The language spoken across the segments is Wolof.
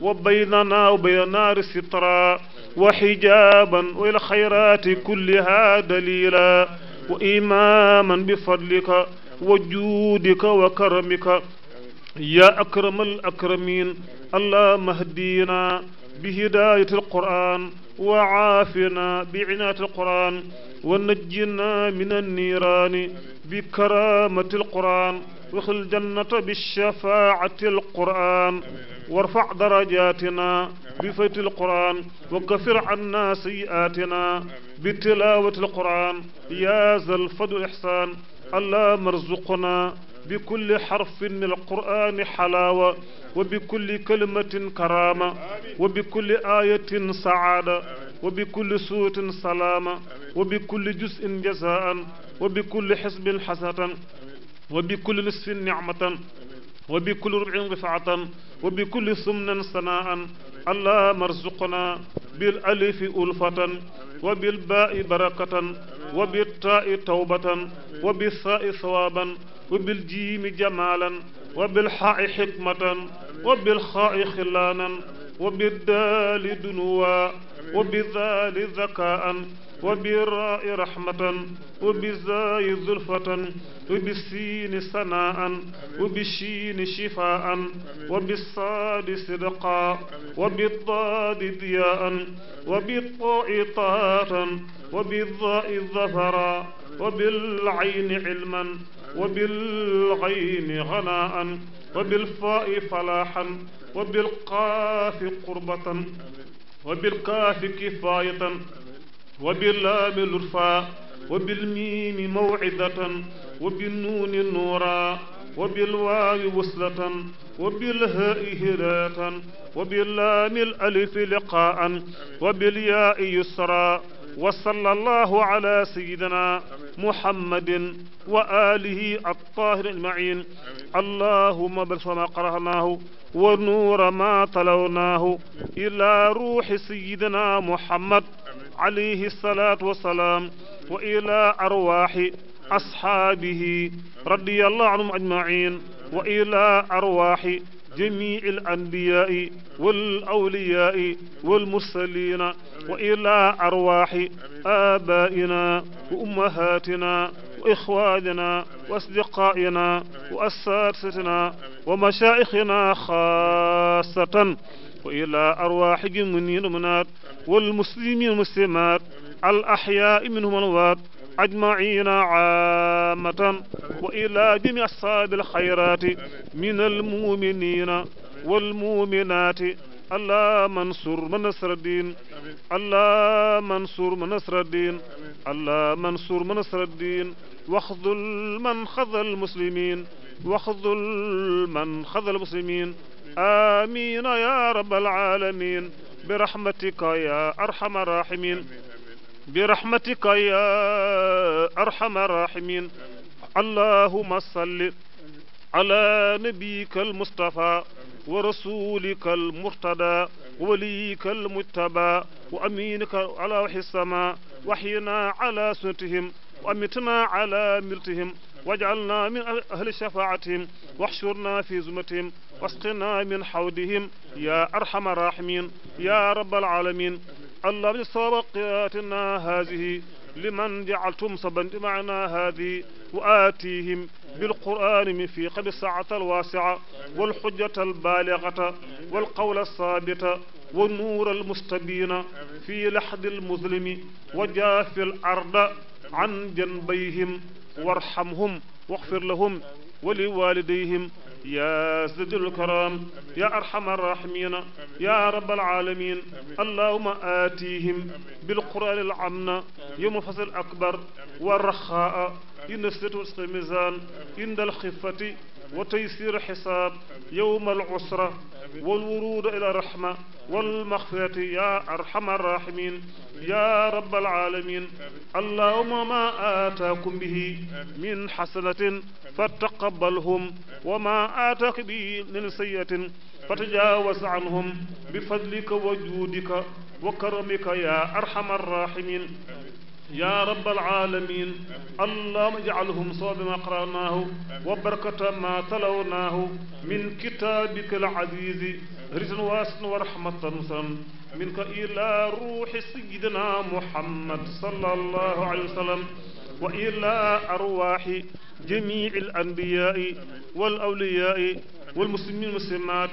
وبيننا وبين نار سترا وحجابا وإلى الخيرات كلها دليلا وإماما بفضلك وجودك وكرمك يا أكرم الأكرمين اللهم اهدينا بهداية القرآن وعافنا بعناية القرآن ونجنا من النيران بكرامة القرآن وادخل الجنة بالشفاعة القرآن وارفع درجاتنا بفيت القرآن وكفر عنا سيئاتنا بتلاوة القرآن يا ذا الفضل والإحسان اللهم ارزقنا بكل حرف من القرآن حلاوة وبكل كلمة كرامة وبكل آية سعادة وبكل سورة سلامة وبكل جزء جزاء وبكل حزب حسنة wa bi kulli nisfin nicmatan wa bi kulli rubin rifaatan wa bi kulli sumnan sanaan allah marzuqna bil alifi ulfatan wa bil baai barakatan wa bi taai tawbatan wa bi saai sawaaban wa bil jiimi jamaalan wa bil xaai xikmatan wa bil xaai xilaanan wa bi daali dunuwa wa bi daali zakaan وبراء رحمة وبزاي ذلفة وبالسين سناء وبالشين شفاء وبالصاد صدقا وبالضاد ضياء وبالطاء طاءة وبالضاء ظفرا وبالعين علما وبالعين غناء وبالفاء فلاحا وبالقاف قربة وبالكاف كفاية wa bil laami lutfa wa bil miimi mawcidatan wa bin nuuni nuura wa bil waawi wuslatan wa bil haa'i hidaatan wa bil laami al alifi liqaa'an wa bil yaa'i yusra wa sallallahu ala sayyidina muhammadin wa alihi at-taahiriin ajma'iin allahumma barik fa ma qara'naahu wa nuura ma talawnaahu ila ruuxi sayyidina muhammad alayhi salaatu wassalaam wa ila arwaaxi asxaabihi radiyallahu anhum ajmain wa ila arwaaxi جميع الأنبياء والأولياء والمرسلين وإلى أرواح آبائنا وأمهاتنا وإخواننا وأصدقائنا وأساتذتنا ومشايخنا خاصة وإلى أرواح المؤمنين والمؤمنات والمسلمين والمسلمات الأحياء منهم الأموات أجمعين عامة وإلى جميع أصحاب الخيرات من المؤمنين والمؤمنات الله منصور من نصر الدين الله منصور من نصر الدين الله منصور من نصر الدين واخذل من خذل المسلمين واخذل من خذل المسلمين آمين يا رب العالمين برحمتك يا أرحم الراحمين برحمتك يا أرحم الراحمين اللهم صل على نبيك المصطفى ورسولك المرتضى وليك المتبى وأمينك على وحي السماء وحينا على سنتهم وأمتنا على ملتهم واجعلنا من أهل شفاعتهم واحشرنا في زمتهم واسقنا من حوضهم يا أرحم الراحمين يا رب العالمين الله بصدقاتنا هذه لمن جعلتم صبا معنا هذه وآتيهم بالقرآن من في قد الساعة الواسعة والحجة البالغة والقول الثابت والنور المستبين في لحد المظلم وجاف الأرض عن جنبيهم وارحمهم واغفر لهم ولوالديهم يا سد الكرام يا أرحم الراحمين يا رب العالمين اللهم آتيهم بالقرآن العمنا يوم الفصل الأكبر والرخاء إن الستر الميزان عند الخفة وتيسير حساب يوم العسرة والورود إلى الرحمة والمغفرة يا أرحم الراحمين يا رب العالمين اللهم ما آتاكم به من حسنة فتقبلهم وما آتاك به من سيئة فتجاوز عنهم بفضلك وجودك وكرمك يا أرحم الراحمين يا رب العالمين اللهم اجعلهم صواب ما قرأناه وبركة ما تلوناه من كتابك العزيز رزق واسع ورحمة منك إلى روح سيدنا محمد صلى الله عليه وسلم وإلى أرواح جميع الأنبياء والأولياء والمسلمين والمسلمات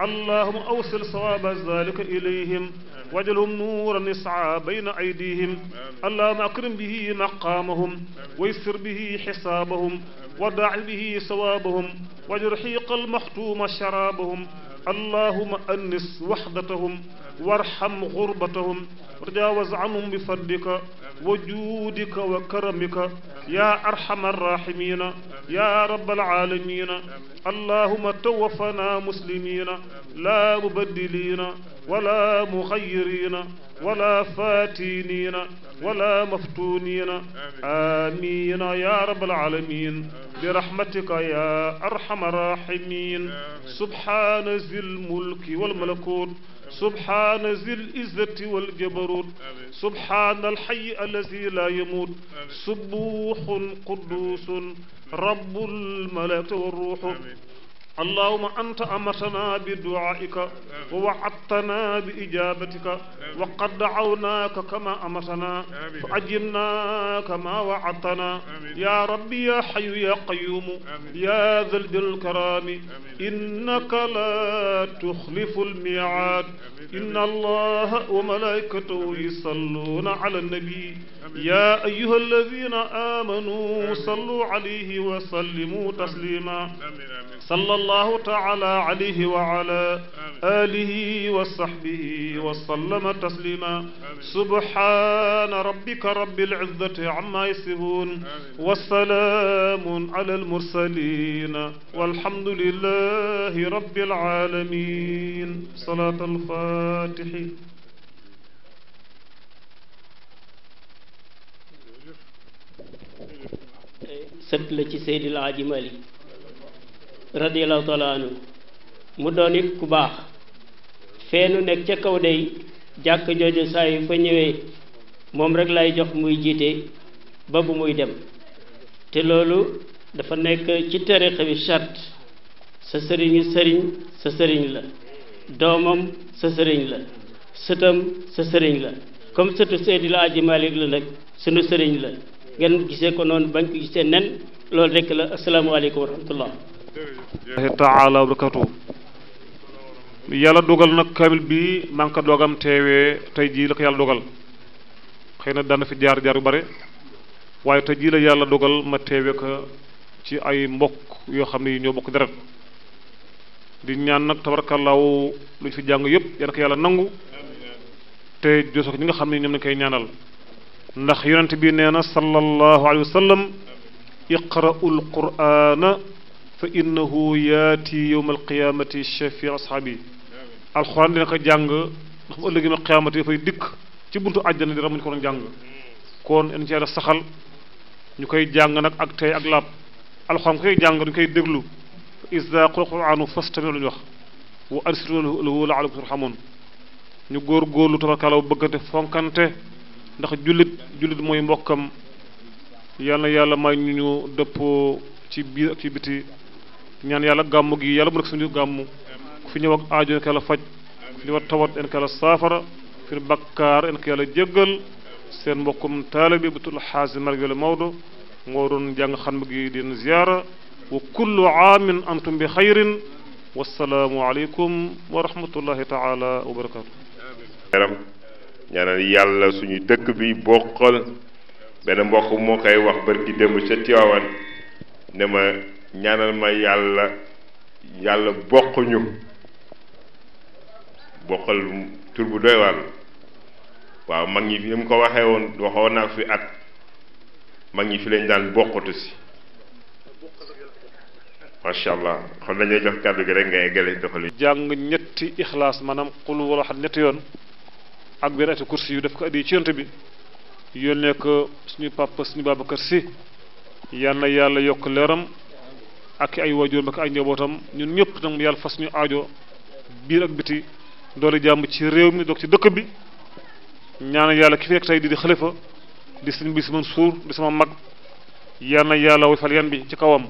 اللهم أوصل صواب ذلك إليهم واجعلهم نورا يسعى بين أيديهم اللهم أكرم به مقامهم ويسر به حسابهم وداع به ثوابهم وجرحيق المختوم شرابهم اللهم أنس وحدتهم وارحم غربتهم وتجاوز عنهم بفضلك وجودك وكرمك يا أرحم الراحمين يا رب العالمين اللهم توفنا مسلمين لا مبدلين ولا مغيرين ولا فاتنين ولا مفتونين آمين يا رب العالمين برحمتك يا أرحم الراحمين سبحان ذي الملك والملكوت subhaana zil izzati wal jabarut subhaana alxayi allazi laa yamuut subuuxun quduusun rabbul malaka wa ruuxu اللهم أنت أمرتنا بدعائك ووعدتنا بإجابتك وقد دعوناك كما أمرتنا فأجبنا كما وعدتنا يا ربي يا حي يا قيوم يا ذا الجلال والكرام إنك لا تخلف الميعاد إن الله وملائكته يصلون على النبي يا أيها الذين آمنوا صلوا عليه وسلموا تسليما صلى allahu taala alayhi wa ala alihi wa sahbihi wa sallama taslima subhana rabbika rabbil izzati amma yasifun wa salamun ala al mursalin walhamdulillahi rabbil alamin salat al fatihi sant la ci Seydil Hadji Malick radiallahu taala mu doon it ku baax feenu nekk ca kaw day jàkk jooju saa yu fa ñëwee moom rek lay jox muy jiite ba bu muy dem te loolu dafa nekk ci tarixa bi charte sa sëriñu sëriñ sa sëriñ la doomam sa sëriñ la sëtam sa sëriñ la comme sëtu Seydi El Hadji la nag sunu sëriñ la ngeen gisee ko noonu bañ ko gisee nen loolu rek la asalaamaaleykum wa rahmatullah Eh, taala wa barakatuh yàlla dogal nag kaamil bi maa ngi ko doogam teewee tey jii la ko yàlla dogal xëy na dana fi jaar jaar yu bare waaye tey jii la yàlla dogal ma teewe ko ci ay mbokk yoo xam ne yi ñoo di ñaan nag tabarakallaahu lu ñu jàng yëpp yal yàlla nangu te josoog xam ne ñoom lañ koy ñaanal ndax yonent bi nee na sallallahu alayhi wa sallam iqra'ul fa innahu yaati yowma alqiyamati shafi ashaabi alxuraan dina ko jàng ndax bu ëllëgee ma qiyaamati dafay dikk ci buntu àjjana di ramuñ ko doon jàng kon en ci saxal ñu koy jàng nag ak tey ak laab alxuraan koy jàng dañu koy déglu izaa quri'a al-qur'aanu fastami'uu lahu wa ansituu lahu la'allakum turhamuun ñu góor góorlu tabarkaalaw bëggante fonkante ndax jullit jullit mooy mbokkam yal na yàlla may ñu ñu dëppoo ci biir ak ci biti ñaan yàlla gàmmu gi yàlla mu nekk suñu gàmmu ku fi ñëw ak aajo en ko yàlla faj ku fi ñëw tawat en ko yàlla saafara fi bakkaar en ko yàlla jéggal seen mbokkum taalibi bu tudd xaasi margi wala Maodo ngoo doon jàng xam gi din ziyaara wa kullu aamin antum bi xayrin wasalaamu aleykum wa rahmatullahi taala wa barakaatu yaram ñaanal yàlla bi bokkal benn mbokk wax ñaanal ma yàlla yàlla bokkuñu bokkal tur bu doy waar waaw mag ñi fi ni mu ko waxee woon waxoon naa fi at mag ñi fi lañ daan bokkatu si macha allah kon dañuy jox kàddu gi rek ngay eggale doxali jàng ñetti ixlaas maanaam xul wala xam ñetti yoon ak benn ati kursi yu def ko addi ci yonte bi yónnee ko suñu papa suñu Babacar si yal yàlla yokk leeram ak ay waajuram ak ay njabootam ñu ñëpp nag yàlla fas ñu aajo biir ak biti doole jàmm ci réew mi doog ci dëkk bi ñaanal yàlla ki fi nekk tey di di bi si man suur di sama mag yal na yàlla yan bi ci kawam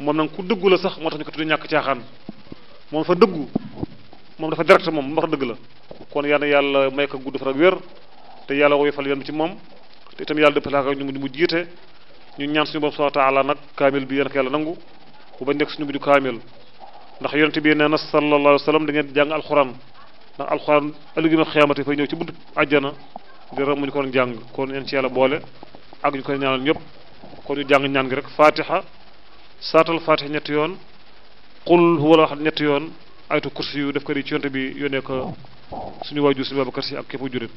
moom nag ku dëggu la sax moo tax ñu ko tuddee ñàkk caaxaan moom dafa dëggu moom dafa direct moom wax dëgg la kon yal na yàlla may ko gudd fan ak wér te yàlla way yan bi ci moom te itam yàlla dëpp laa ko ñu mu jiite ñu ñaan suñu bopp subhanahu wa taala kaamil bi yéen ko yàlla nangu bu bañ nekk suñu mujj kaamil ndax yonent bi nee na sallallahu alayhi wa sallam da ngeen jàng alxuraan ndax alxuraan ëllëgima xiyaamati fay ñëw ci buntu àjjana di ram ñu kon jàng kon ñeen ci yàlla boole ak ñu koy ñaanal ñëpp kon ñu jàng ñaan gi rek fatiha saatal fatiha ñetti yoon qul huwa ahad ñetti yoon aytu kursi yu def ko di ci yonent bi yónnee ko suñu waajur suñu Babacar Si ak képp jurit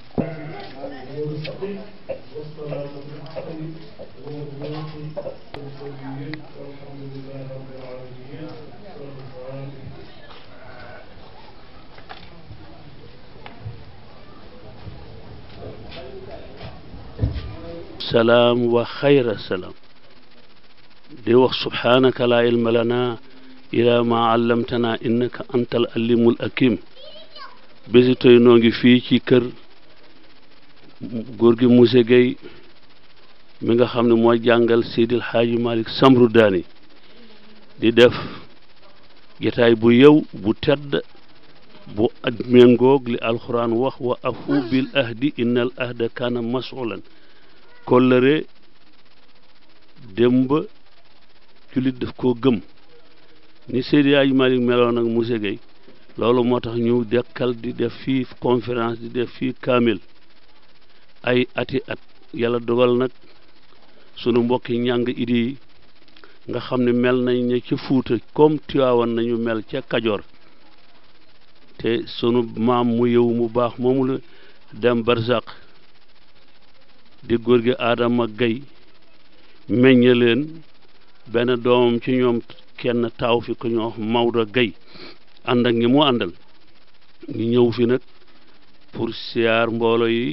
salaam wa di wax subhaanaka laa ilma lana ila ma allamtana innaka antal alimul akim bési tey noo ngi fii ci kër góor gi Mousse Gueye mi nga xam ni mooy jàngal Seydil Haaji Malick Samru Daani di def jataay bu yow bu tedd bu méngoog li alxuraan wax wa afu bil ahdi innal ahda kana masulan kóllëre démb jullit daf koo gëm ni Seydi Aji Malick meloon ak Moussa Gueye loolu moo tax ñu dekkal di def fii conférence di def fii kaamil ay ati at yàlla dogal nag sunu mbokki ñàng idi yi nga xam ne mel nañ ne ca Fuuta comme Tiwaawan nañu mel ca Kajoor te sunu maam mu yëw mu baax moomu dem barzaq di góor gi aadama Gaye meññe leen benn doomam ci ñoom kenn taaw fi ku ñoo wax Maodo Gaye ànd ak ñi mu àndal ñu ñëw fi nag pour siyaar mboolo yi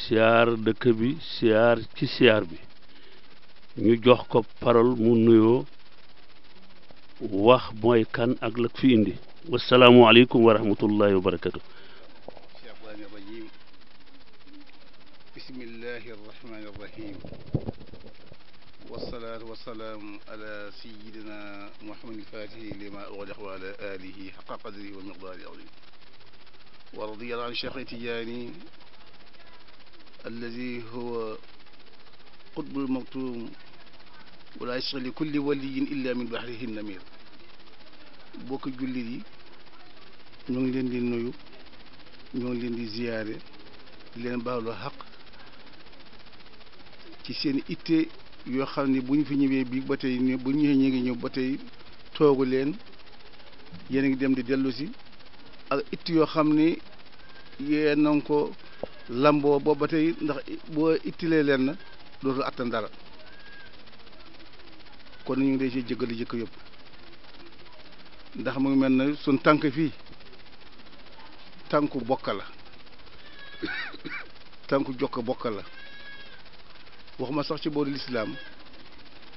siyaar dëkk bi siyaar ci siyaar bi ñu jox ko parole mu nuyoo wax mooy kan ak la fi indi wasalaamualeykum wa rahmatullahi wa barakatu bismillahi arrahmani irrahim wasalaatu wasalaamu ala sayidina muhammadin fatihi lima ughliq wa ala alihi haqqa qadrihi wa miqdaari azim wa radiya an cheikh tijaani allazi huwa qutbul maktum wa laa yashqa li kulli waliyin illa min bahrihi namir bokk jullit yi ñoo ngi leen di nuyu ñoo ngi leen di ziyaare di leen baalu xaq ci seen itte yoo xam ne bu ñu fi ñëwee bii ba tey bu ñu ñëwee ñu ngi ñëw ba tey toogu leen yéen a ngi dem di dellusi si ak itte yoo xam ni yéen na ko lamboo boobu tey ndax boo ittilee leen na dootul attan dara kon ñu ngi dee ci jëggal jëkk yëpp ndax mu ngi mel na sun tànk fii tànku bokk la tànku jokk bokk la wax ma sax ci boori lislaam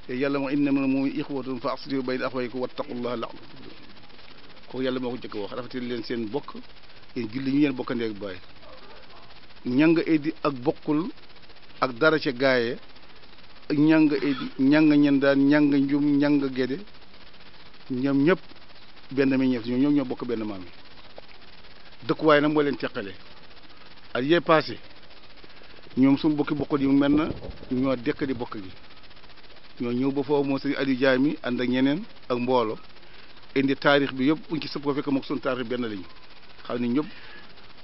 te yàlla moo innamal mu'minuuna ixwatun fa aslihu bayna axawaykum wattaqullaha la'allakum turhamuun kooku yàlla moo ko jëkk wax rafetal leen seen bokk yéen julli ñu yeen bokkandee ak baay ñanga eddi ak bokkul ak dara ca gaaye ñanga eddi ñanga ñendaan ñanga njum ñanga gédé ñoom ñëpp benn meññeef ñoom ñoo bokk benn maam yi dëkkuwaay nag moo leen teqale at yee passé ñoom suñu bokki bokkut yi mel na ñoo dëkk di bokk gi ñoo ñëw ba foofu moo sëñ Aliou Jaay mi ànd ak ñeneen ak mboolo indi taarix bi yëpp buñ ci sëpp ko fekk mook suñu taarix benn lañu xam ne ñëpp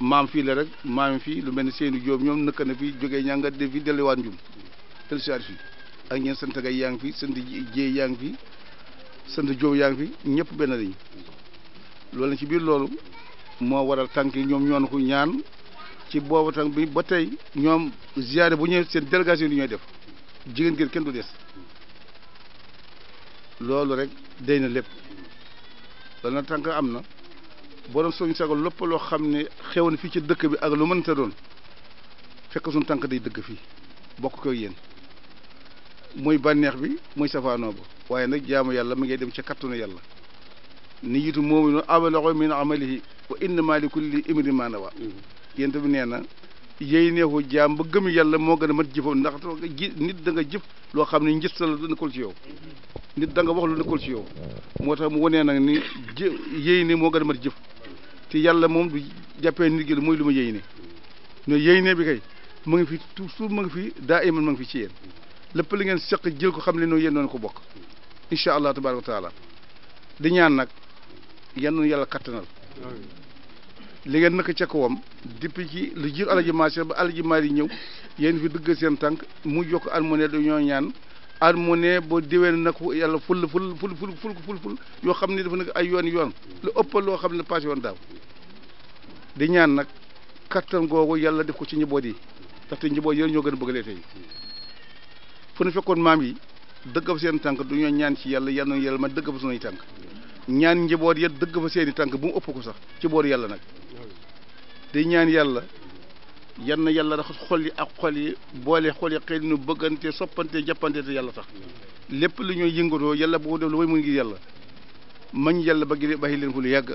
maam fii la rek maam fii lu mel ni seeni jóob ñoom nëkk na fi jógee ñànga de fi delluwaat njum tel siwaat fii ak ñeen sant gay yaa ngi fi sant jéey yaa fi sant jóob yaa ngi ñëpp benn lañu loolu na ci biir loolu moo waral tànk yi ñoom ñoon ko ñaan ci boobu tam bi ba tey ñoom ziare bu ñëwee seen délégation yi ñooy def jigéen ngeen kenn du des loolu rek day na lépp loolu nag tànk am na borom suñu sago lépp loo xam ne xew na fii ci dëkk bi ak lu mënta doon fekk suñu tànk day dëkk fii bokk ko yéen muy bànneex bi muy safaanoo ba waaye nag jaamu yàlla mu ngay dem ci kattanu yàlla ni yitu moomu noonu abalaxo min amalihi wa innamaa li kulli imrin maa nawaa mm-hmm. yént bi nee na yéy neexu jaam ba gëm yàlla moo gën a mat jëfam ndax ji nit da nga jëf loo xam ne njës la lu nekkul ci yow nit da nga wax lu nekkul ci yow moo tax mu wanee nag ni jë yéy moo gën a mat jëf te yàlla moom du jàppee nit gi lu muy lu ma yéy ne ne yéy bi kay mu ngi fi toujours mu ngi fi daa iman mu ngi fi ci yéen lépp li ngeen seq jël ko xam ne noo yéen noonu ko bokk incha allah tabaraka wa taala di ñaan nag yenn noonu yàlla kattanal li ngeen naka ca kawam depuis ci lu jiir alaji maasir ba alaji yi ñëw yéen fi dëgg seen tànk mu yokk almone dañoo ñaan almone boo déwéen nag yàlla ful ful ful ful yoo xam ne dafa nekk ay yoon yoon lu ëpp loo xam ne passé woon daaw di ñaan nag kattan googu yàlla def ko ci njaboot yi ndaxte njaboot yéen ñoo gën a bëggalee tey fu nu fekkoon maam yi dëgg seen tànk du ñoo ñaan ci yàlla yan na yàlla ma dëgg fa sunuy tànk ñaan njaboot ya dëgg fa seen tànk bu mu ëpp ko sax ci boor yàlla nag tey ñaan yàlla yan yàlla raxas xol yi ak xol yi boole xol yi xëy nu bëggante soppante jàppante te yàlla tax lépp lu ñuy yëngatoo yàlla bu ko def lu may mun ngi yàlla mañ yàlla ba gi leen ko lu yàgg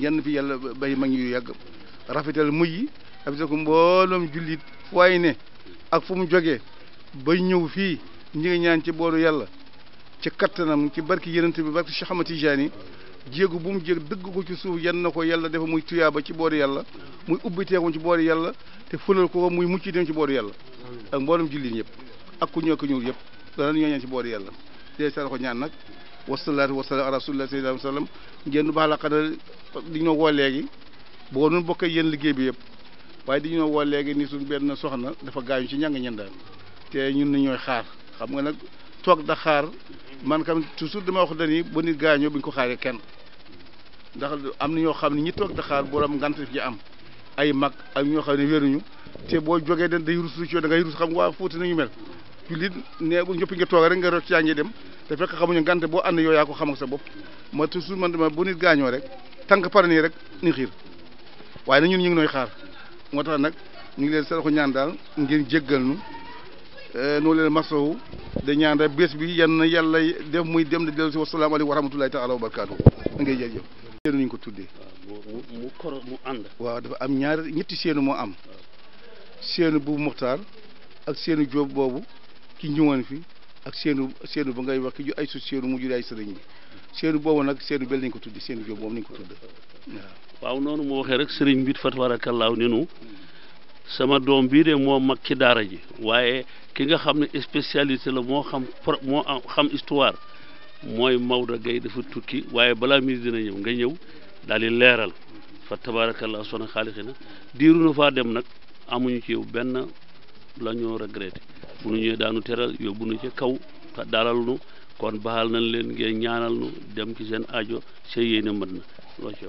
yan fi yàlla bàyyi mañ yu yàgg rafetal muy yi rafetal ko mbooloom jullit fu waay ne ak fu mu jógee bay ñëw fii ñi ñaan ci boolu yàlla ci kattanam ci barki yonent bi barki ci Ahmad Tijaani jéegu bu mu jéeg dëgg ko ci suuf yan na ko yàlla defa muy tuyaaba ci boori yàlla muy ubbi teekum ci boori yàlla te fëlal ko muy mucc dem ci boori yàlla ak mboolem jullit ñëpp ak ku ñëw ko ñuul yëpp danañ ñoo ñaan ci boori yàlla dee sara ko ñaan nag wasalaatu wasalaam ala rasulillah sa alayhi wasallam ngeen baax la xanaa di ñoo woo léegi boo nun bokkee yéen liggéey bi yëpp waaye di ñoo woo léegi ni suñ benn soxna dafa gaañu ci ñàng ñen daal te ñun ni ñooy xaar xam nga nag toog da xaar man kam toujours dama wax dani bu nit gaañoo bu ñu ko xaaree kenn ndax am na ñoo xam ne ñi toog da xaar borom ngant fi am ay mag ak ñoo xam ne wéruñu te boo jógee dañ day rus da ngay xam nga waa Fuuta nañu mel jullit nee bu ñëpp nga toog rek nga rot yaa ngi dem te fekk xamuñu ngante boo ànd yow yaa ko xam ak sa bopp ma toujours man dama bu nit gaañoo rek tànk pare nii rek ni xiir waaye na ñun ñu ngi nooy xaar moo tax nag ñu ngi leen saraxu ñaan daal ngeen jéggal nu Eh, noo leen masawu da ñaan bés bi yan na yàlla def muy dem di dellu si wasalaamaaleykum wa rahmatulahi taala wa barakaatu da ngay jërëjëf séenu ñu ko tuddee mu koro mu ànd waaw dafa am ñaar ñetti séenu moo am séenu bu muxtaar ak séenu jóob boobu ki ñëwoon fi ak séenu séenu ba ngay wax ki ju ay su séenu mu jure ay sëriñ bi boobu nag séenu bel nañ ko tuddee séenu jóob boobu nañ ko tudd waaw noonu moo waxee rek sëriñ bi fa tabarakallaahu ne nu sama doom bii de moo mag ci daara ji waaye ki nga xam ne spécialité la moo xam pro moo xam histoire mooy Maodo gay dafa tukki waaye balaa midi dina ñëw nga ñëw daal di leeral fa tabarakallah sona xaalixi na diiru na faa dem nag amuñu ci benn la ñoo regretté bu nu ñëwee daanu teral yóbbu nu ci kaw dalal nu kon baal nañ leen ngeen ñaanal nu dem ci seen aajo seen yéene mat na loo ci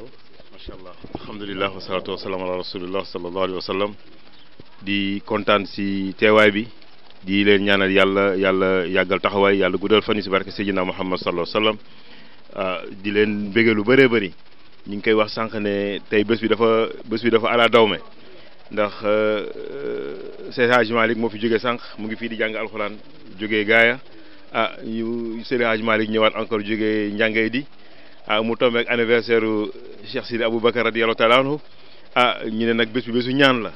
macha allah alhamdulilah wasalaatu wasalaam ala rasulillah sallallahu alayhi wa sallam di kontaan si teewaay bi di leen ñaanal yàlla yàlla yàggal taxawaay yàlla guddal fan yi si barke Seydina Muhammad sallallahu alayhi wa sallam ah, di leen bëggee lu bëree bëri ñu ngi koy wax sànq ne tey bés bi dafa bés dafa ala dawme ndax ah, ah, Seydi Malick moo fi jógee sànq mu ngi fii di jàng alxuraan jógee gaaya ah ñu Seydi Malick ñëwaat encore jógee njàngay di. ah mu tombé ak anniversaire u Cheikh Sidi Aboubacar radiyallahu taala anhu ah ñu ne nag bés bi bésu ñaan la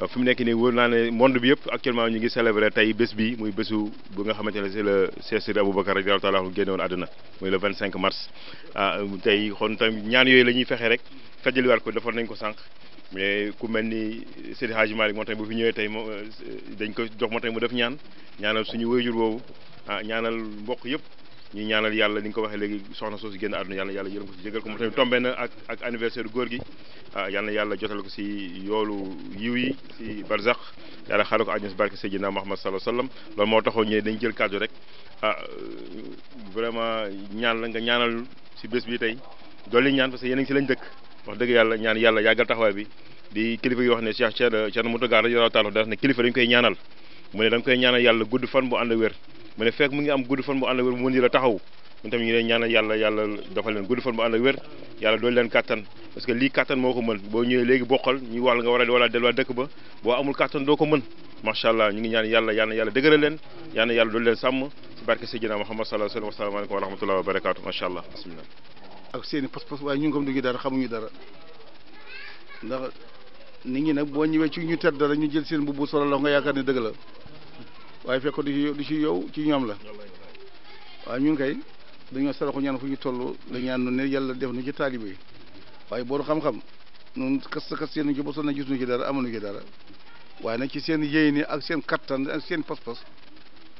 waaw fi mu nekk nii wóor naa ne monde bi yëpp actuellement ñu ngi célébrer tey bés bi muy bésu bu nga xamante ne c'est le Cheikh Sidi Aboubacar radiyallahu taala anhu génne woon àdduna muy le 25 mars ah, tey xon tam ñaan yooyu la ñuy fexe rek fajaliwaat ko defoon nañ ko sànq. mais ku mel ni Seydi Hadji Malick moo tax bu fi ñëwee tey dañ ko jox moo tax mu def ñaan ñaanal suñu wéyjur woowu ah ñaanal mbokk yëpp ñu ñaanal yàlla ni nga ko waxee léegi soxna soosu génn àdduna yàlla yàlla yërëm ko si jégal ko mu tamit tombé na ak ak anniversaire góor gi ah yal yàlla jotal ko si yoolu yiw yi si barzax yàlla xaaral ko àjjana si barke Seydina Muhammad sallallahu alayhi wa sallam loolu moo taxoo ñëwee dañ jël kàddu rek ah ñaan la nga ñaanal si bés bi tey dolli ñaan parce que yéen a ngi si lañ dëkk wax dëgg yàlla ñaan yàlla yàggal taxawaay bi di kilifa yi wax ne Cheikh Cheikh mu Moutaga radiyallahu ta'ala dafa ne kilifa dañ koy ñaanal mu ne dañ koy ñaanal yàlla gudd fan bu ànd wér mu ne fekk mu ngi am gudd fan bu ànd ak wér mu mën di la taxaw mun tamit ñu leen ñaanal yàlla yàlla dafa leen gudd fan bu ànd ak wér yàlla doolu leen kàttan parce que lii kàttan moo ko mën boo ñëwee léegi bokkal ñu wax la nga war a wala delluwaat dëkk ba boo amul kàttan doo ko mën macha allah ñu ngi ñaan yàlla yàlla yàlla dëgëral leen yàlla yàlla leen sàmm si barke Seydina Muhammad sallallahu alayhi wa sallam wa rahmatullahi wa barakaatu macha allah bismillah ak seen i pas-pas waaye ñu boo ñëwee ci ñu tedd dara ñu jël seen mbubu solo la waaye fekkoon du ci yow ci ñoom la waaye ñun kay dañoo saraxu ñaan fu ñu toll lañaan ñaan ne yàlla def nu ci taalibe waaye booru xam-xam ñun kas kas yéen ci bosoon na gis nu ci dara amuñu ci dara waaye nag ci seen yéene ak seen kattan ak seen pas-pas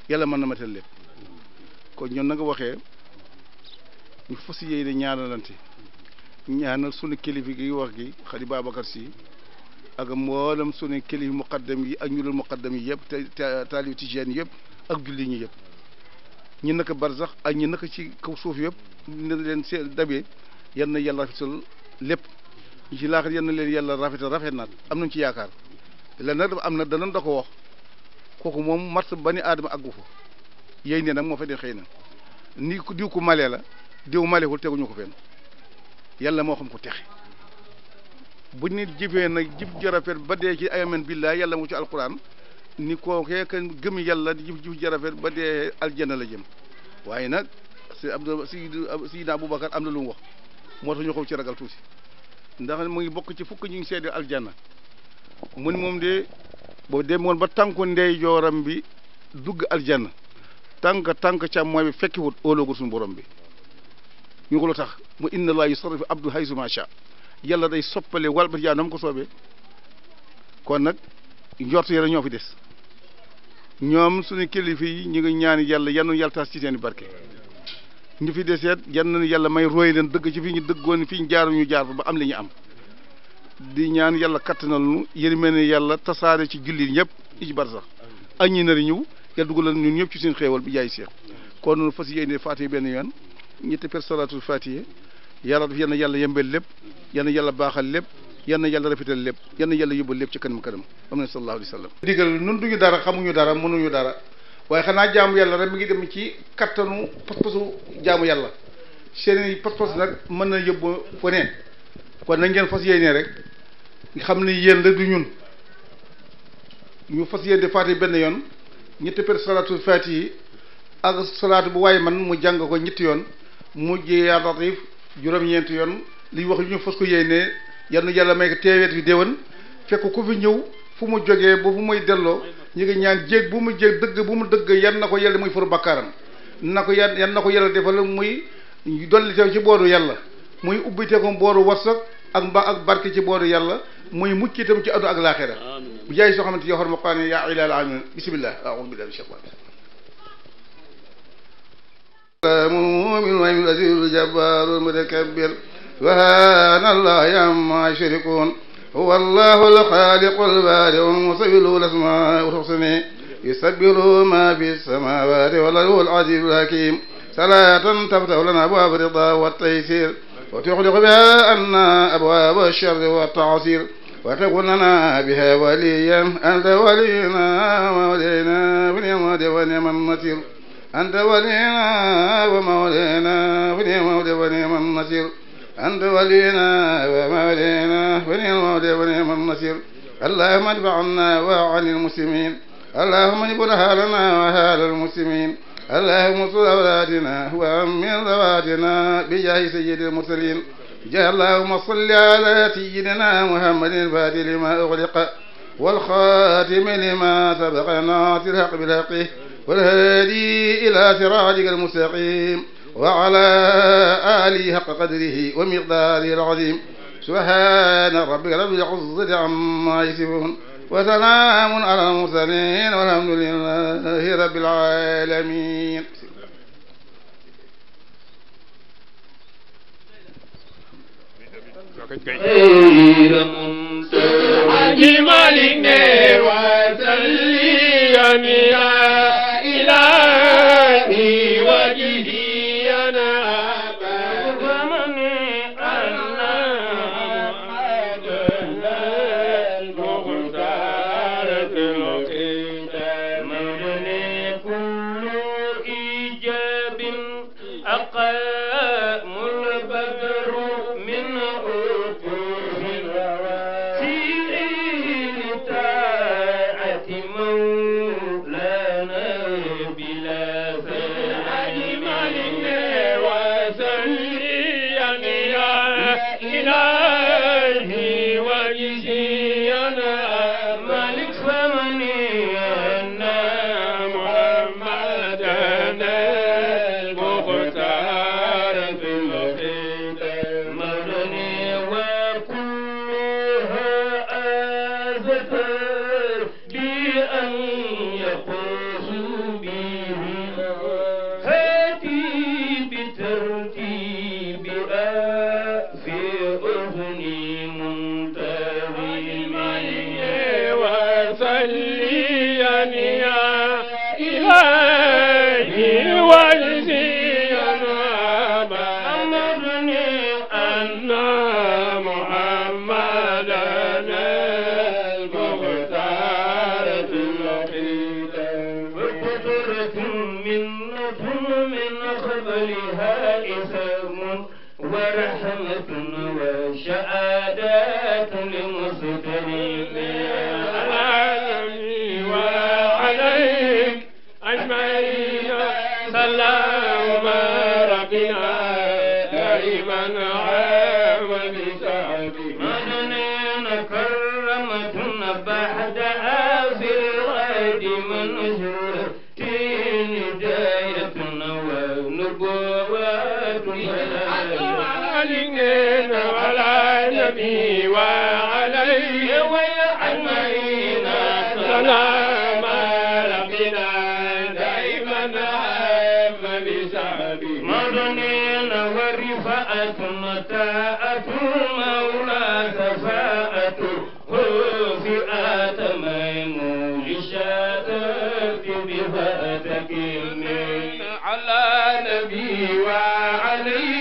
yàlla mën na matal lépp kon ñoom na waxee ñu fas yéene ñaanalante ñaanal sunu kilifa gi wax gi xadi Babacar Si ak mboolem sunu kilif muqaddam yi ak ñu dul muqaddam yi yëpp te taalib tijaan yëpp ak julli ñi yëpp ñi naka barsax ak ñi naka ci kaw suuf yëpp ne leen see dabee yan na yàlla rafetal lépp ñu ci laaxat yan na rafet naat am nañ ci yaakaar len nag dafa am na danañ da ko wax kooku moom mars bani aadama àggu fa yéy ne nag moo fa dee xëy na ni ku diw ko malee la diw malewul teguñu ko fenn yàlla moo xam ko texe bu nit jibee nag jib ju ba dee ci ayamen billaay yàlla mu ci alquran ni kookee ka gëm yàlla di jib jib ju ba dee aljana la jëm waaye nag si abd sayidna aboubacar am na lu mu wax moo tax ñu xaw ci ragal tuuti ndax mu ngi bokk ci fukk ñu ngi seede aljana mën moom de boo demoon ba tànku ndeyjooram bi dugg aljana tànk tànk càmmooy bi fekkiwut óoloogu suñu borom bi ñu ko lu tax mu inna laa yusarrifu abdu haysu ma yàlla day soppale walbati yaa na ko soobee kon nag njort yàlla ñoo fi des ñoom suñu kilifa yi ñu ngi ñaan yàlla yan nu yàlla taas ci seen ñu fi deseet yan nañu yàlla may roy leen dëgg ci ñu dëggoon fi ñu jaaru ñu jaar ba am li ñu am di ñaan yàlla kattanal nu mel ne yàlla tasaare ci jullit ñëpp i ci bar sax ak ñi nari ñëw yàlla dugalal ñun ñëpp ci seen xéewal bi jaay seex kon noonu fas yéene faatiye benn yoon ñetti per salaatul faatiye yàlla yenn yàlla yembel lépp yenn yàlla baaxal lépp yenn yàlla rafetal lépp yenn yàlla yóbbu lépp ci kanam kanam am na sallallahu alayhi wa sallam digal nun duñu dara xamuñu dara mënuñu dara waaye xanaa jaamu yàlla rek mi ngi dem ci kattanu pas-pasu jaamu yàlla seeni pas-pas nag mën na yóbbu fa neen kon nañ ngeen fas yéene rek xam ni yéen la du ñun ñu fas yéene faati benn yoon ñetti per salaatul faati yi ak salaatu bu waaye man mu jàng ko ñetti yoon mu ji juróom-ñeenti yoon liñ wax ñu fas ko yéene yal na yàlla may ko teeweet bi déwén fekk ko fi ñëw fu mu jógee ba fu muy delloo ñu ñaan jéeg bu mu jéeg dëgg bu mu dëgg yan na ko yàlla muy furu bakkaaram na yan yan na ko yàlla defal muy dolli teew ci booru yàlla muy ubbite ko booru warsak ak mba ak barke ci booru yàlla muy mucc itam ci addu ak laaxira bu jaay soo xamante yoo xor ma ko ne yaa ilal amin bisimilah aoudu billahi مؤمن والوزير الجبار المتكبر سبحان الله عما يشركون هو الله الخالق البارئ المصور له الأسماء الحسنى يسبح له ما في السماوات والأرض هو العزيز الحكيم صلاة تفتح لنا أبواب الرضا والتيسير وتغلق بها عنا أبواب الشر والتعسير وتكون لنا بها وليا أنت ولينا وولينا باليمد ونعم النصير أنت ولينا ومولينا ونعم المولى ونعم النصير أنت ولينا ومولينا ونعم المولى ونعم النصير اللهم ادفع عنا وعن المسلمين اللهم اجبر حالنا وحال المسلمين اللهم انصر أولادنا وأمن ذواتنا بجاه سيد المرسلين جاه اللهم صل على سيدنا محمد الفاتح لما أغلق والخاتم لما سبق ناصر الحق بلقيه والهادي إلى صراطك المستقيم وعلى آله حق قدره ومقداره العظيم سبحان ربك رب العزة عما يصفون وسلام على المرسلين والحمد لله رب العالمين غير منتهى جمالك وتليني ربنا la بعد أبي الغد من هرتين هداية ونبوة علينا وعلى نبي وعليه ويعلمنا صلاة النبي وعليه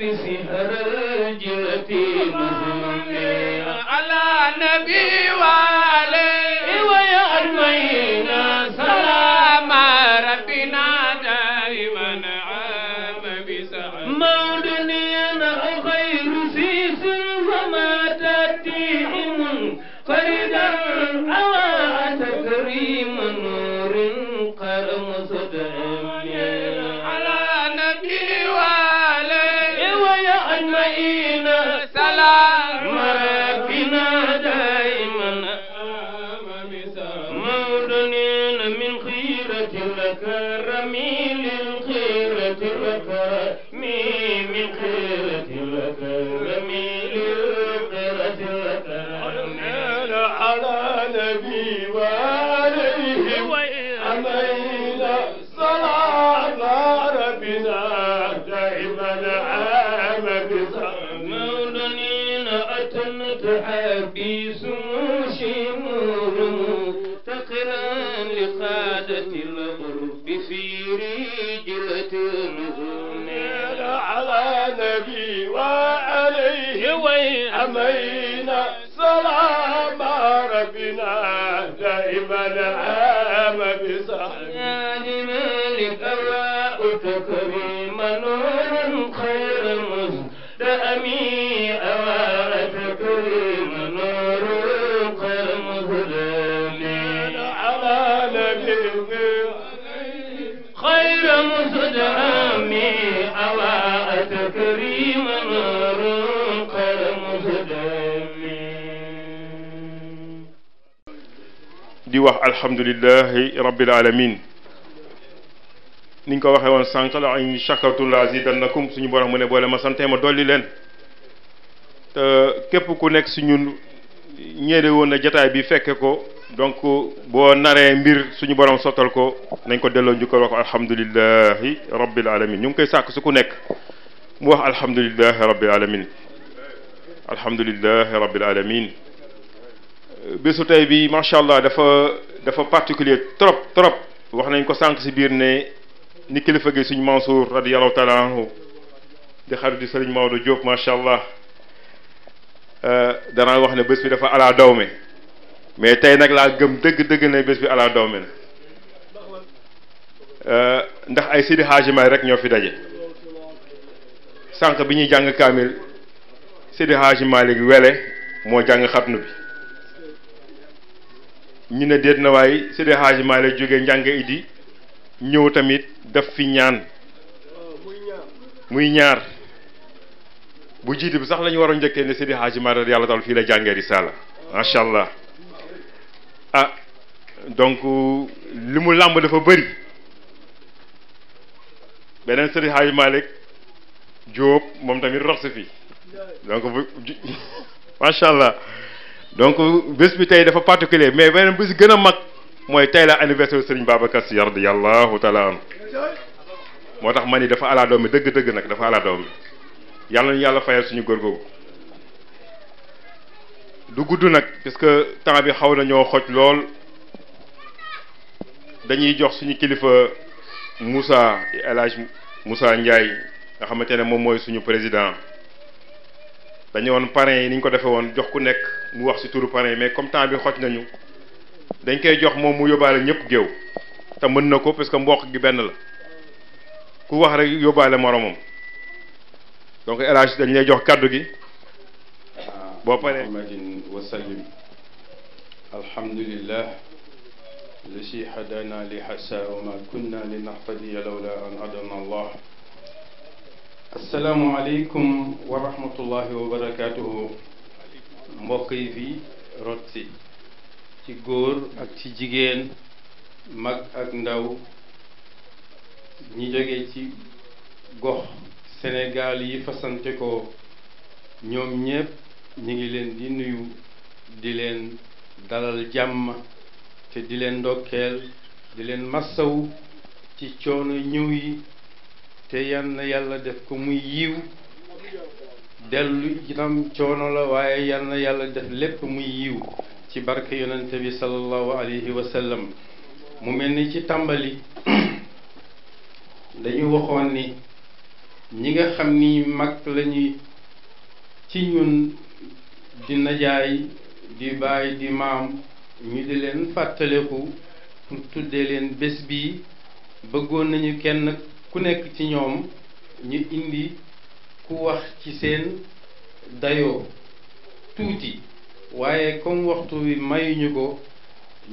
بسهر الجلة مهمة على نبي على نبي وآله علينا صلاة ربنا دائما عام بصمودنين أتنت حبيس شمر تقرا لقادة الغرب في رجلي كريما di wax alhamdulilahi rabbil alamin niñ ko waxee woon sànq la in shakartum la azidannakum suñu borom mu ne boole ma sante ma dolli leen képp ku nekk si ñun ñeede woon na jataay bi fekke ko donc boo naree mbir suñu borom sottal ko nañ ko delloo njukkal wax ko alhamdulillahi rabbil alamin ñu ngi koy sàkk su ku nekk mu wax alhamdulillahi rabbil alamin alhamdulillahi rabbil alamin bésu tey bi macha allah dafa dafa particulier trop trop wax nañ ko sànq si biir ne ni kilifa gi suñ Mansour radiyallahu taala di xarit di sëriñ Maodo Diop macha allah eh, danaa wax ne bés bi dafa ala dawme mais tey nag laa gëm dëgg-dëgg na bés bi ala dawme na eh, ndax ay Sidi Hadji rek ñoo fi daje sanq bi ñuy jàng kaamil Sidi Hadji Malick wele moo jàng xatnu bi ñu ne déet na waaye Sidi Hadji Malick jógee njàng idi ñëw tamit. def fi ñaan muy ñaar bu jiite bi sax lañu ñu war a njëkkee ne Seydi Hadji Malick yàlla taal fii la jàngee risaala macha allah ah donc li mu làmb dafa bëri beneen Seydi Hadji Malick Diop moom tamit rox si fi donc macha allah donc bés bi tey dafa particulier mais beneen bés gën a mag mooy tey la anniversaire Serigne Babacar Sy radiyallahu taala moo tax ma ni dafa alaa doom mi dëgg dëgg nag dafa alaa doom mi yàlla ñu yàlla fayal suñu góor googu du gudd nag parce que temps bi xaw na ñoo xoj lool dañuy jox suñu kilifa Moussa El Hadj Moussa Ndiaye nga xamante ne moom mooy suñu président dañu woon parrain yi ni ñu ko defe woon jox ku nekk mu wax ci turu parrain yi mais comme temps bi xoj nañu dañ koy jox moom mu yóbbaale ñëpp géew te mën na ko parce que mboq gi benn la ku wax rek yóbbaale moromam donc El Hadj jox kàddu gi boo paree muhammadin wa sallim alhamdulillah lasi hadana li hasa wa ma kunna li nahtadiya lawla an hadana allah assalaamu aleykum wa wa barakatuhu mbokk yi fi ci góor ak ci jigéen mag ak ndaw ñi jóge ci gox senegaal yi fasante ko ñoom ñépp ñu ngi leen di nuyu di leen dalal jàmm te di leen ndokkeel di leen massaw ci coono ñëw yi te yan na yàlla def ko muy yiw dellu itam coono la waaye yan na yàlla def lépp muy yiw ci barke yonente bi sallallahu alayhi wa mu mel ni ci tàmbali dañu waxoon ni ñi nga xam ni mag lañu ci ñun di najaay di baay di maam ñu di leen fàttaleku tuddee leen bés bi bëggoon nañu kenn ku nekk ci ñoom ñu indi ku wax ci seen dayoo tuuti waaye comme waxtu wi mayuñu ko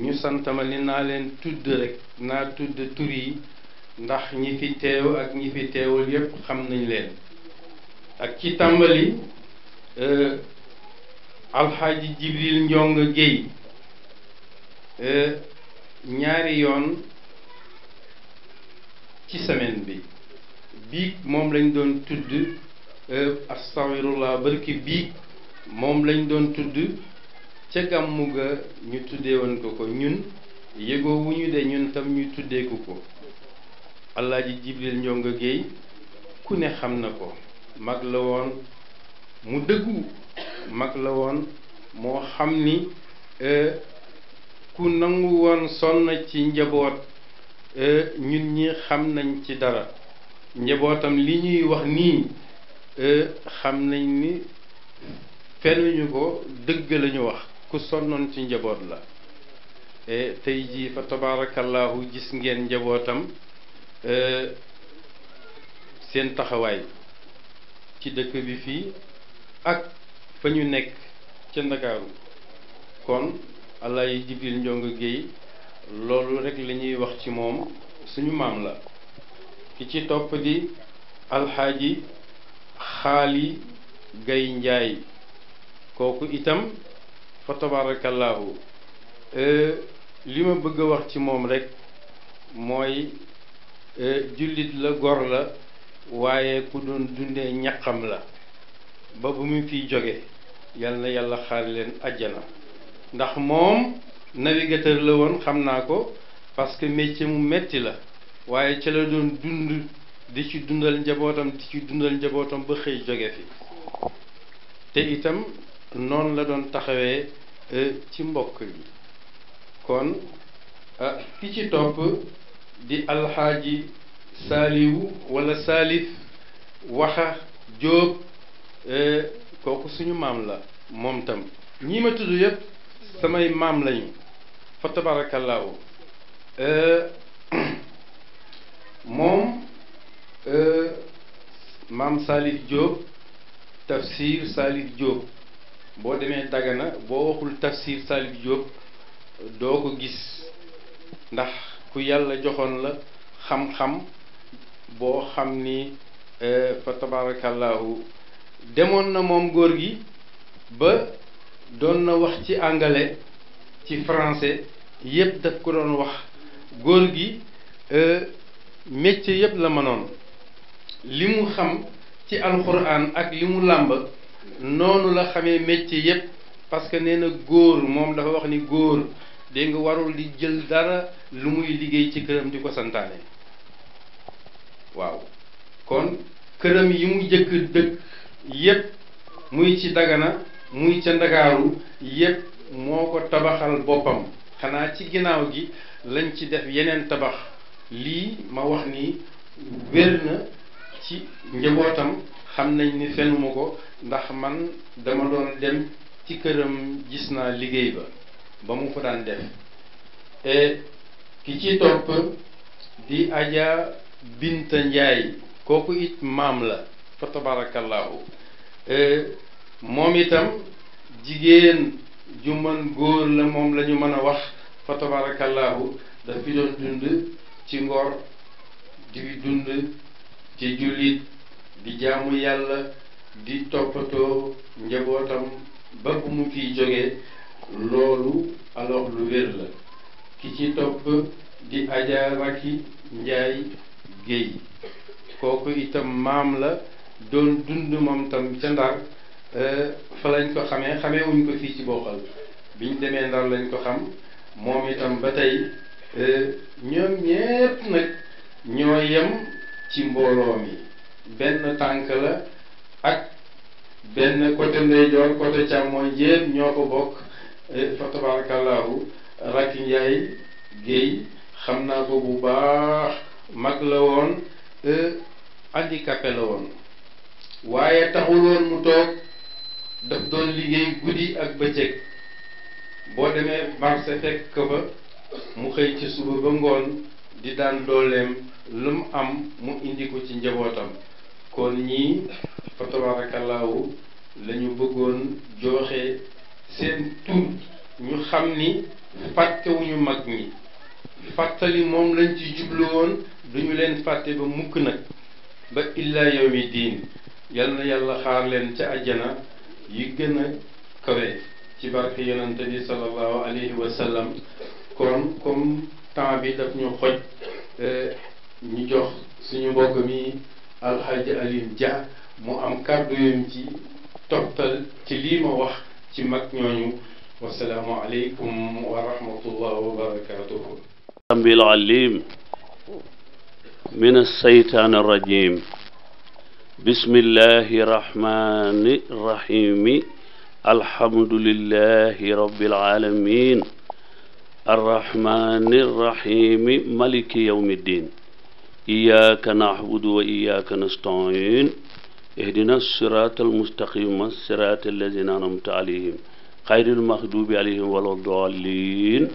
ñu santamali naa leen tudd rek naa tudd tur yi ndax ñi fi teew ak ñi fi teewul yépp xam nañ leen ak ci tàmbali euh, alxaaji jibril njong géey euh, ñaari yoon ci semaine bi biig moom lañ doon tudd euh, astaghfirullah barki biig moom lañ doon tudd ca gàmmu ga ñu tuddee woon ko ko ñun yëgoo wu ñu de ñun tam ñu tuddeeku ko Alaaji Jibril Ndiongo Guèye ku ne xam na ko mag la woon mu dëggu mag la woon moo xam ni e, ku nangu woon sonn ci njaboot e, ñun ñi xam nañ ci dara njabootam li ñuy wax nii e, xam nañ ni fenuñu ko dëgg lañu wax ku sonnoon ci njaboot la e tey jii fa tabaarakallaahu gis ngeen njabootam e, seen taxawaay ci dëkk bi fii ak fa ñu nekk ca Ndakaaru kon Alaaji Jibril njong Guèye loolu rek la ñuy wax ci moom suñu maam la ki ci topp di alxaaji xaali gay njaay kooku itam fa tabarakallahu euh, li ma bëgg wax ci moom rek mooy euh, jullit la gor la waaye ku doon dundee ñaqam la ba bu mu fiy jóge yal na yàlla xaar leen àjjana ndax moom navigateur la woon xam naa ko parce que métier mu metti la waaye ca la doon dund di ci dundal njabootam di ci dundal njabootam ba xëy jóge fi te itam noonu la doon taxawee euh, ci mbokk yi kon euh, ki ci topp di alxaaji saaliwu walla saalif waxa jóob euh, kooku suñu maam la moom tam ñii ma tudd yépp samay maam lañu fa tabaarakallaahu moom maam saalif jóob tafsir saalif jóob boo demee Dagana boo waxul tafsir Salif Diop doo ko gis ndax ku yàlla joxoon la xam-xam boo xam ni eh, fa tabarakallahu demoon na moom góor gi ba doon na wax ci anglais ci français yépp daf ko doon wax góor gi eh, métier yépp la mënoon li mu xam ci alquran ak li mu làmb noonu la xamee métier yépp parce que nee na góor moom dafa wax ni góor dégg warul di jël dara lu muy liggéey ci këram di ko santaane waaw kon këram yi mu jëkk dëkk yépp muy ci Dagana muy ca Ndakaaru yépp moo ko tabaxal boppam xanaa ci ginnaaw gi lañ ci def yeneen tabax lii ma wax ni wér na ci njabootam xam nañ ni fenuma ko ndax man dama doon dem ci këram gis naa liggéey ba ba mu fa daan def et ki ci topp di Adja Binta Njaay kooku it maam la fa tabarakallahu e moom itam jigéen ju mën góor la moom la mën a wax fa tabarakallahu daf fi doon dund ci ngor di dund ci jullit di jaamu yàlla di toppatoo njabootam ba bu mu fiy jóge loolu alors lu wér la ki ci topp di Adja Racky Njaay Géy kooku itam maam la doon dund moom tam ca Ndar euh, fa lañ ko xamee xamee wuñ ko fii ci bokkal biñ demee Ndar lañ ko xam moom itam ba tey euh, ñoom ñépp nag ñoo yem ci mbooloo mi benn tànk la ak benn côté ndeyjoor côté càmmooñ yépp ñoo ko bokk eh, fa tabarakallahu rakki géey xam naa ko bu baax mag la woon handicapé la woon waaye taxul woon mu toog daf doon liggéey guddi ak bëccëg boo demee marché fekk ba mu xëy ci suba ba ngoon di daan dooleem lu mu am mu indi ko ci njabootam kon ñi fa tabaarakallaahu la bëggoon joxe seen tur ñu xam ni fàttewuñu mag ñi fàttali moom lañ ci jublu duñu leen fàtte ba mukk nag ba illaa yawmi diin yal na yàlla xaar leen ca àjjana yi gën a ci barke yonante bi sallallahu alayhi wa kon comme temps bi daf ñu xoj eh, ñu jox suñu mbokk mi alxaaji Alioune Dia mu am kàddu yam ci toftal ci lii ma wax ci mag ñooñu wasalaamu aleykum wa rahmatullah wa barakatuhu sambil alim min alseytaan arrajim bismillahi rahmani rahimi alhamdulillahi rabbil alamin arrahmani arrahimi maliki yawmi ddin iyyaka na'budu wa iyyaka nasta'in ihdina sirata almustaqima sirata allazina an'amta alayhim xayril maxdubi alayhim wala daalin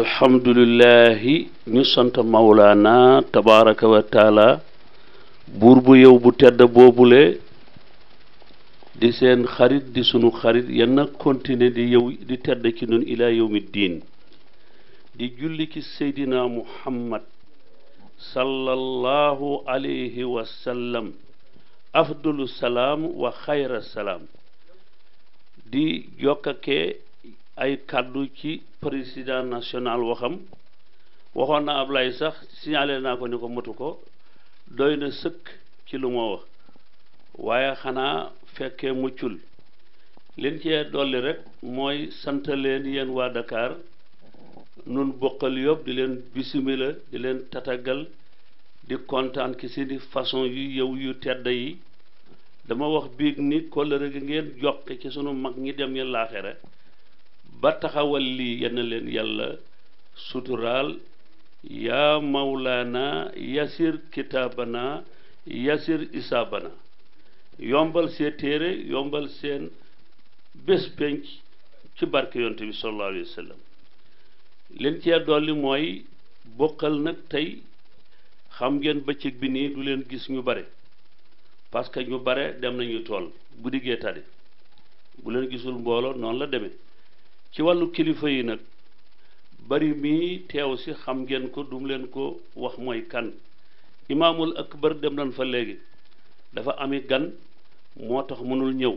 alhamdulillahi ñu sant mawlaana tabaraka wa taala buur bu yow bu tedd boobule di seen xarit di sunu xarit yan nag continuer di yow di tedd ci nun ilaa yawmi diin di julli ci seydina muhammad sallallahu alayhi wa sallam afdalu salaam wa xayra salaam di jokkake ay kàddu ci président national waxam waxoon na Ablaye sax signalé naa ko ni ko motu ko doy na sëkk ci lu ma wax waaye xanaa fekkee muccul leen ci dolli rek mooy sant leen yéen waa Dakar nun bokkal yob di leen bisimila di leen tatagal di kontaan ki seeni façon yu yow yu tedd yi dama wax biig ni kóllëre gi ngeen joxe ci sunu mag ñi dem ya laaxira ba taxawal li yenn leen yàlla suturaal yaa mawlaana yasir kitaabana yasir isaabana yombal seen téere yombal seen bés penc ci barke bi sallallahu alayhi leen cee dolli mooy bokkal nag tey xam ngeen bëccëg bi nii du leen gis ñu bare parce que ñu bare dem nañu tool bu diggee tade bu leen gisul mbooloo noonu la deme ci wàllu kilifa yi nag bari mii teew si xam ngeen ko dum leen ko wax mooy kan imaamul akbar dem nañ fa léegi dafa ami gan moo tax mënul ñëw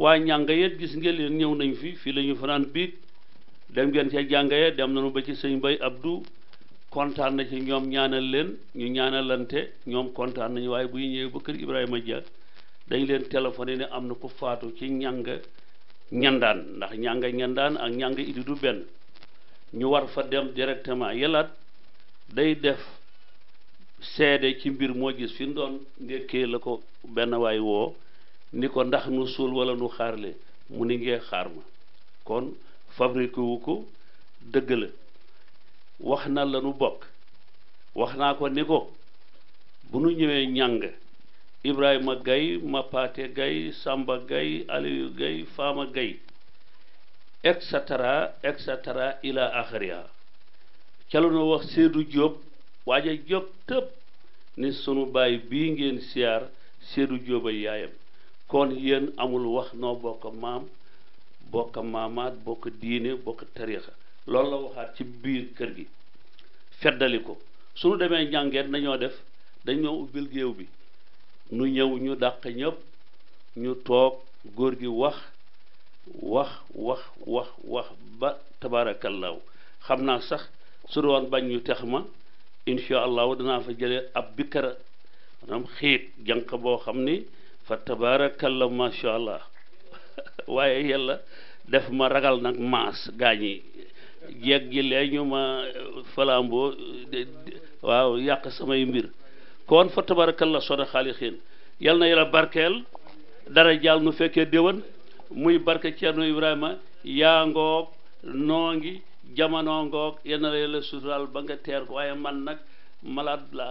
waa ñànga yet gis ngeen leen ñëw nañ fi fii la fanaan biig dem ngeen ca jàngee dem nañu ba ci sëñ Bay Abdou kontaan na ci ñoom ñaanal leen ñu ñaanalante ñoom kontaan nañu waaye buy ñëwee bu kër Ibrahima ja dañ leen téléphoné ne am na ku faatu ci ñanga ñandaan ndax ñanga ñandaan ak ñanga idi du benn ñu war fa dem directement yelaat day def seede ci mbir moo gis fi mu doon ndekkee la ko benn waay woo ni ko ndax nu suul wala nu xaarle mu ni ngee xaar ma kon fabriqué ko dëgg la wax na la bokk wax naa ko ni ko bu nu ñëwee njàng Ibrahima Gaye Mapate Gaye Samba gay Aliou Gaye Fama Gaye et cetera et cetera ila axariha ca la nu wax Seydou Diop waaja jóg tëb ni sunu baay bii ngeen siyaar Seydou jóoba yaayam kon yéen amul wax noo bokk maam bokk maamaat bokk diine bokk tariixa loolu la waxaat ci biir kër gi feddali ko suñu demee njàngeet nañoo def dañoo ubbil géew bi nu ñëw ñu dàq ñëpp ñu toog góor gi wax wax wax wax wax ba tabaarakallaahu xam naa sax su doon bañ ñu tex ma incha allahu danaa fa jële ab bikkara maanaam xiit jànq boo xam ni fa tabaarakallaahu macha allah waaye yàlla def ma ragal nag maas gaañ yi jeeg gi lee ñu ma euh, falambo waaw yàq samay mbir kon fa tabarakallah sona xaali xiin yal na yàlla barkeel dara jaal nu fekkee déwén muy barke Ceerno Ibrahima yaa ngoog noo ngi jamono ngoog yal na la yàlla suturaal ba nga teer waaye man nag malade la